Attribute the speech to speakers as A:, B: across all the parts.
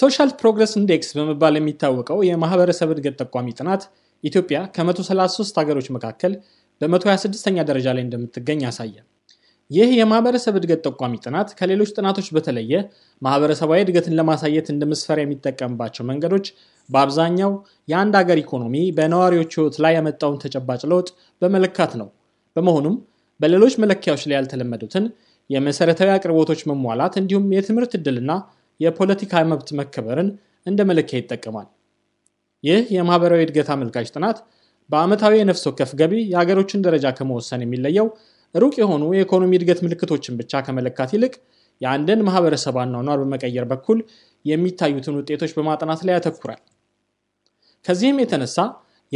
A: ሶሻል ፕሮግረስ ኢንዴክስ በመባል የሚታወቀው የማህበረሰብ እድገት ጠቋሚ ጥናት ኢትዮጵያ ከ133 ሀገሮች መካከል በ126ኛ ደረጃ ላይ እንደምትገኝ ያሳየ። ይህ የማህበረሰብ እድገት ጠቋሚ ጥናት ከሌሎች ጥናቶች በተለየ ማህበረሰባዊ እድገትን ለማሳየት እንደ መስፈሪያ የሚጠቀምባቸው መንገዶች በአብዛኛው የአንድ ሀገር ኢኮኖሚ በነዋሪዎች ህይወት ላይ ያመጣውን ተጨባጭ ለውጥ በመለካት ነው። በመሆኑም በሌሎች መለኪያዎች ላይ ያልተለመዱትን የመሰረታዊ አቅርቦቶች መሟላት እንዲሁም የትምህርት ዕድልና የፖለቲካ መብት መከበርን እንደ መለኪያ ይጠቀማል። ይህ የማህበራዊ እድገት አመልካች ጥናት በዓመታዊ የነፍስ ወከፍ ገቢ የሀገሮችን ደረጃ ከመወሰን የሚለየው ሩቅ የሆኑ የኢኮኖሚ እድገት ምልክቶችን ብቻ ከመለካት ይልቅ የአንድን ማህበረሰብ አኗኗር በመቀየር በኩል የሚታዩትን ውጤቶች በማጥናት ላይ ያተኩራል። ከዚህም የተነሳ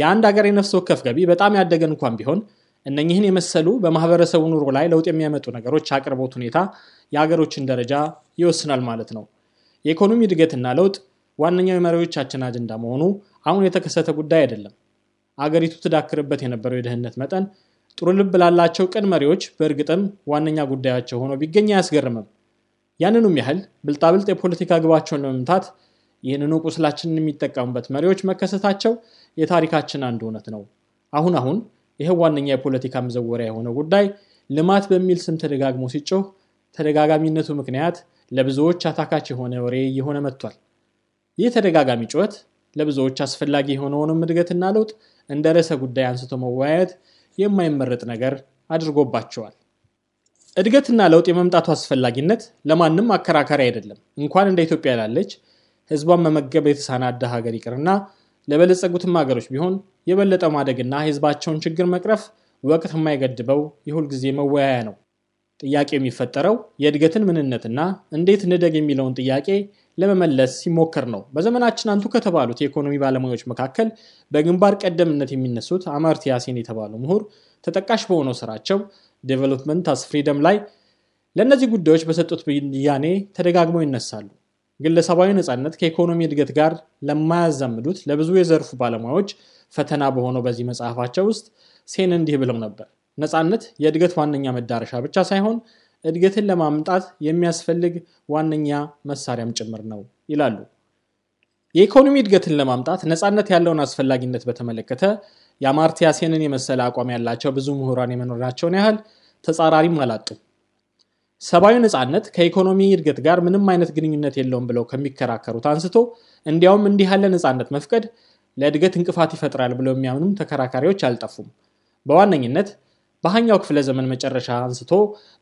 A: የአንድ ሀገር የነፍስ ወከፍ ገቢ በጣም ያደገ እንኳን ቢሆን እነኚህን የመሰሉ በማህበረሰቡ ኑሮ ላይ ለውጥ የሚያመጡ ነገሮች አቅርቦት ሁኔታ የሀገሮችን ደረጃ ይወስናል ማለት ነው። የኢኮኖሚ እድገትና ለውጥ ዋነኛው የመሪዎቻችን አጀንዳ መሆኑ አሁን የተከሰተ ጉዳይ አይደለም። አገሪቱ ትዳክርበት የነበረው የደህንነት መጠን ጥሩ ልብ ላላቸው ቅን መሪዎች በእርግጥም ዋነኛ ጉዳያቸው ሆኖ ቢገኝ አያስገርምም። ያንኑም ያህል ብልጣብልጥ የፖለቲካ ግባቸውን ለመምታት ይህንኑ ቁስላችንን የሚጠቀሙበት መሪዎች መከሰታቸው የታሪካችን አንድ እውነት ነው። አሁን አሁን ይህ ዋነኛ የፖለቲካ መዘወሪያ የሆነው ጉዳይ ልማት በሚል ስም ተደጋግሞ ሲጮህ ተደጋጋሚነቱ ምክንያት ለብዙዎች አታካች የሆነ ወሬ እየሆነ መጥቷል። ይህ ተደጋጋሚ ጩኸት ለብዙዎች አስፈላጊ የሆነውንም እድገትና ለውጥ እንደ ርዕሰ ጉዳይ አንስቶ መወያየት የማይመረጥ ነገር አድርጎባቸዋል። እድገትና ለውጥ የመምጣቱ አስፈላጊነት ለማንም አከራካሪ አይደለም። እንኳን እንደ ኢትዮጵያ ላለች ህዝቧን መመገብ የተሳነ አዳ ሀገር ይቅርና ለበለጸጉትም ሀገሮች ቢሆን የበለጠ ማደግና የህዝባቸውን ችግር መቅረፍ ወቅት የማይገድበው የሁልጊዜ መወያያ ነው። ጥያቄ የሚፈጠረው የእድገትን ምንነትና እንዴት ንደግ የሚለውን ጥያቄ ለመመለስ ሲሞከር ነው። በዘመናችን አንቱ ከተባሉት የኢኮኖሚ ባለሙያዎች መካከል በግንባር ቀደምነት የሚነሱት አመርትያ ሴን የተባሉ ምሁር ተጠቃሽ በሆነው ስራቸው ዴቨሎፕመንት አስ ፍሪደም ላይ ለእነዚህ ጉዳዮች በሰጡት ብያኔ ተደጋግመው ይነሳሉ። ግለሰባዊ ነፃነት ከኢኮኖሚ እድገት ጋር ለማያዛምዱት ለብዙ የዘርፉ ባለሙያዎች ፈተና በሆነው በዚህ መጽሐፋቸው ውስጥ ሴን እንዲህ ብለው ነበር። ነፃነት የእድገት ዋነኛ መዳረሻ ብቻ ሳይሆን እድገትን ለማምጣት የሚያስፈልግ ዋነኛ መሳሪያም ጭምር ነው ይላሉ። የኢኮኖሚ እድገትን ለማምጣት ነፃነት ያለውን አስፈላጊነት በተመለከተ የአማርቲያ ሴንን የመሰለ አቋም ያላቸው ብዙ ምሁራን የመኖራቸውን ያህል ተጻራሪም አላጡም። ሰብአዊ ነፃነት ከኢኮኖሚ እድገት ጋር ምንም አይነት ግንኙነት የለውም ብለው ከሚከራከሩት አንስቶ እንዲያውም እንዲህ ያለ ነፃነት መፍቀድ ለእድገት እንቅፋት ይፈጥራል ብለው የሚያምኑም ተከራካሪዎች አልጠፉም። በዋነኝነት በሀኛው ክፍለ ዘመን መጨረሻ አንስቶ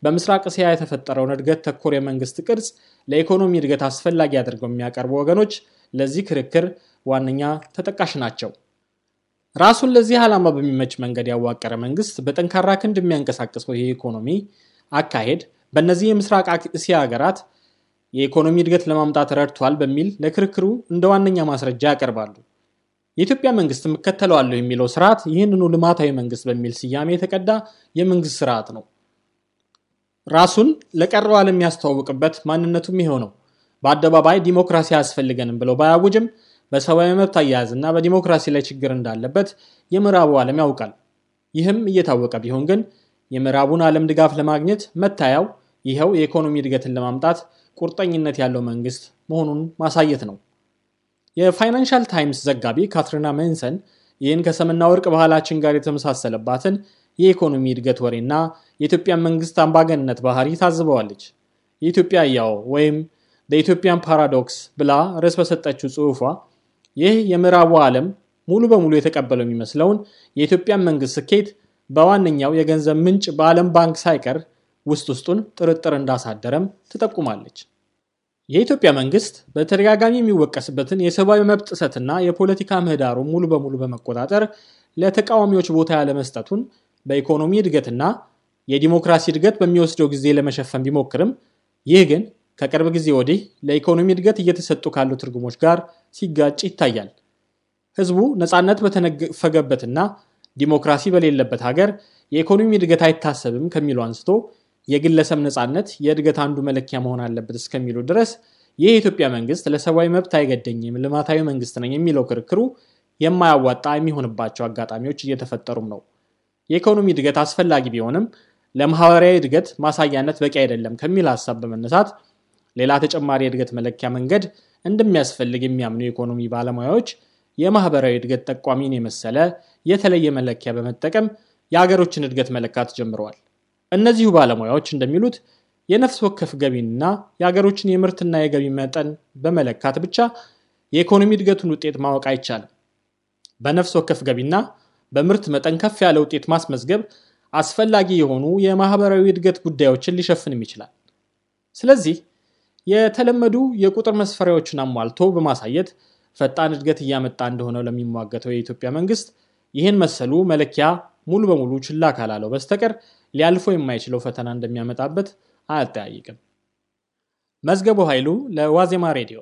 A: በምስራቅ እስያ የተፈጠረውን እድገት ተኮር የመንግስት ቅርጽ ለኢኮኖሚ እድገት አስፈላጊ አድርገው የሚያቀርቡ ወገኖች ለዚህ ክርክር ዋነኛ ተጠቃሽ ናቸው። ራሱን ለዚህ ዓላማ በሚመች መንገድ ያዋቀረ መንግስት በጠንካራ ክንድ የሚያንቀሳቅሰው የኢኮኖሚ አካሄድ በእነዚህ የምስራቅ እስያ ሀገራት የኢኮኖሚ እድገት ለማምጣት ረድቷል በሚል ለክርክሩ እንደ ዋነኛ ማስረጃ ያቀርባሉ። የኢትዮጵያ መንግስት እከተለዋለሁ የሚለው ስርዓት ይህንኑ ልማታዊ መንግስት በሚል ስያሜ የተቀዳ የመንግስት ስርዓት ነው። ራሱን ለቀረው ዓለም የሚያስተዋውቅበት ማንነቱም ይሄው ነው። በአደባባይ ዲሞክራሲ አያስፈልገንም ብለው ባያውጅም በሰብዊ መብት አያያዝ እና በዲሞክራሲ ላይ ችግር እንዳለበት የምዕራቡ ዓለም ያውቃል። ይህም እየታወቀ ቢሆን ግን የምዕራቡን ዓለም ድጋፍ ለማግኘት መታያው ይኸው የኢኮኖሚ እድገትን ለማምጣት ቁርጠኝነት ያለው መንግስት መሆኑን ማሳየት ነው። የፋይናንሻል ታይምስ ዘጋቢ ካትሪና መንሰን ይህን ከሰምና ወርቅ ባህላችን ጋር የተመሳሰለባትን የኢኮኖሚ እድገት ወሬና የኢትዮጵያን መንግስት አምባገንነት ባህሪ ታዝበዋለች። የኢትዮጵያ ያው ወይም በኢትዮጵያን ፓራዶክስ ብላ ርዕስ በሰጠችው ጽሁፏ ይህ የምዕራቡ ዓለም ሙሉ በሙሉ የተቀበለው የሚመስለውን የኢትዮጵያን መንግስት ስኬት በዋነኛው የገንዘብ ምንጭ በዓለም ባንክ ሳይቀር ውስጥ ውስጡን ጥርጥር እንዳሳደረም ትጠቁማለች። የኢትዮጵያ መንግስት በተደጋጋሚ የሚወቀስበትን የሰብአዊ መብት ጥሰትና የፖለቲካ ምህዳሩን ሙሉ በሙሉ በመቆጣጠር ለተቃዋሚዎች ቦታ ያለመስጠቱን በኢኮኖሚ እድገትና የዲሞክራሲ እድገት በሚወስደው ጊዜ ለመሸፈን ቢሞክርም ይህ ግን ከቅርብ ጊዜ ወዲህ ለኢኮኖሚ እድገት እየተሰጡ ካሉ ትርጉሞች ጋር ሲጋጭ ይታያል። ህዝቡ ነፃነት በተነፈገበትና ዲሞክራሲ በሌለበት ሀገር የኢኮኖሚ እድገት አይታሰብም ከሚለው አንስቶ የግለሰብ ነፃነት የእድገት አንዱ መለኪያ መሆን አለበት እስከሚሉ ድረስ ይህ የኢትዮጵያ መንግስት ለሰብአዊ መብት አይገደኝም፣ ልማታዊ መንግስት ነኝ የሚለው ክርክሩ የማያዋጣ የሚሆንባቸው አጋጣሚዎች እየተፈጠሩም ነው። የኢኮኖሚ እድገት አስፈላጊ ቢሆንም ለማህበራዊ እድገት ማሳያነት በቂ አይደለም ከሚል ሀሳብ በመነሳት ሌላ ተጨማሪ የእድገት መለኪያ መንገድ እንደሚያስፈልግ የሚያምኑ የኢኮኖሚ ባለሙያዎች የማህበራዊ እድገት ጠቋሚን የመሰለ የተለየ መለኪያ በመጠቀም የአገሮችን እድገት መለካት ጀምረዋል። እነዚሁ ባለሙያዎች እንደሚሉት የነፍስ ወከፍ ገቢንና የሀገሮችን የምርትና የገቢ መጠን በመለካት ብቻ የኢኮኖሚ እድገቱን ውጤት ማወቅ አይቻልም። በነፍስ ወከፍ ገቢና በምርት መጠን ከፍ ያለ ውጤት ማስመዝገብ አስፈላጊ የሆኑ የማህበራዊ እድገት ጉዳዮችን ሊሸፍንም ይችላል። ስለዚህ የተለመዱ የቁጥር መስፈሪያዎችን አሟልቶ በማሳየት ፈጣን እድገት እያመጣ እንደሆነ ለሚሟገተው የኢትዮጵያ መንግስት ይህን መሰሉ መለኪያ ሙሉ በሙሉ ችላ ካላለው በስተቀር ሊያልፎ የማይችለው ፈተና እንደሚያመጣበት አያጠያይቅም። መዝገቡ ኃይሉ ለዋዜማ ሬዲዮ